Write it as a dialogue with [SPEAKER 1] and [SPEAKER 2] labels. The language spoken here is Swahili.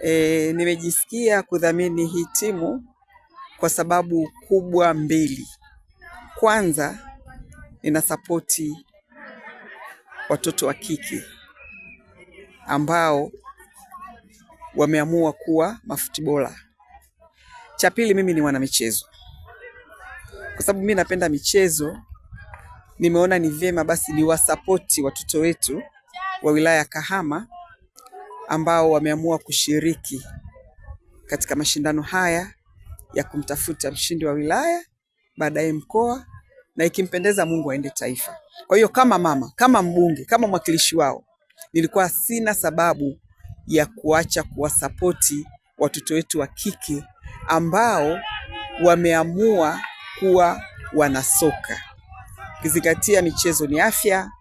[SPEAKER 1] E, nimejisikia kudhamini hii timu kwa sababu kubwa mbili. Kwanza, nina sapoti watoto wa kike ambao wameamua kuwa mafutibola. Cha pili, mimi ni mwanamichezo, kwa sababu mimi napenda michezo. Nimeona ni vyema basi niwasapoti watoto wetu wa wilaya ya Kahama ambao wameamua kushiriki katika mashindano haya ya kumtafuta mshindi wa wilaya, baadaye mkoa, na ikimpendeza Mungu aende taifa. Kwa hiyo kama mama, kama mbunge, kama mwakilishi wao, nilikuwa sina sababu ya kuacha kuwasapoti watoto wetu wa kike ambao wameamua kuwa wanasoka, ukizingatia michezo ni afya,